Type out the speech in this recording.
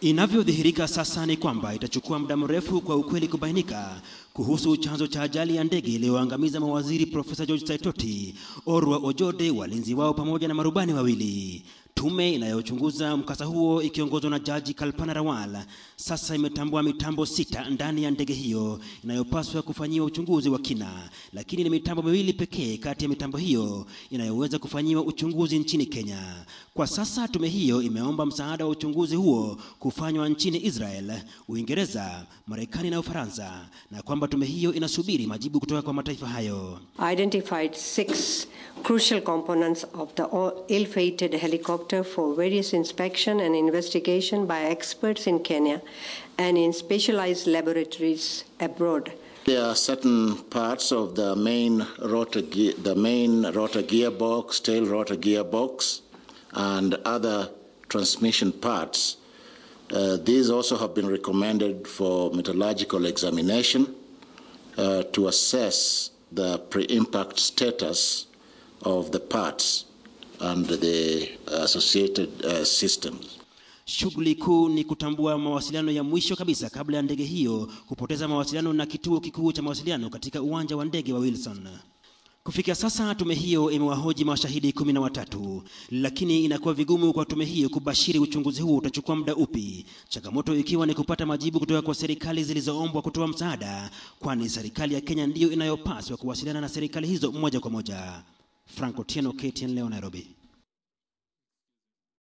Inavyodhihirika sasa ni kwamba itachukua muda mrefu kwa ukweli kubainika kuhusu chanzo cha ajali ya ndege iliyoangamiza mawaziri Profesa George Saitoti, Orwa Ojode, walinzi wao pamoja na marubani wawili. Tume inayochunguza mkasa huo ikiongozwa na Jaji Kalpana Rawal sasa imetambua mitambo sita ndani ya ndege hiyo inayopaswa kufanyiwa uchunguzi wa kina, lakini ni mitambo miwili pekee kati ya mitambo hiyo inayoweza kufanyiwa uchunguzi nchini Kenya. Kwa sasa tume hiyo imeomba msaada wa uchunguzi huo kufanywa nchini Israel, Uingereza, Marekani na Ufaransa, na kwamba tume hiyo inasubiri majibu kutoka kwa mataifa hayo. Identified six crucial components of the ill-fated helicopter sector for various inspection and investigation by experts in Kenya and in specialized laboratories abroad. There are certain parts of the main rotor, the main rotor gearbox, tail rotor gearbox, and other transmission parts. Uh, these also have been recommended for metallurgical examination uh, to assess the pre-impact status of the parts. and the uh, associated uh, systems. Shughuli kuu ni kutambua mawasiliano ya mwisho kabisa kabla ya ndege hiyo kupoteza mawasiliano na kituo kikuu cha mawasiliano katika uwanja wa ndege wa Wilson. Kufikia sasa tume hiyo imewahoji mashahidi kumi na watatu, lakini inakuwa vigumu kwa tume hiyo kubashiri uchunguzi huu utachukua muda upi, changamoto ikiwa ni kupata majibu kutoka kwa serikali zilizoombwa kutoa msaada, kwani serikali ya Kenya ndiyo inayopaswa kuwasiliana na serikali hizo moja kwa moja. Franco Tieno, KTN leo Nairobi.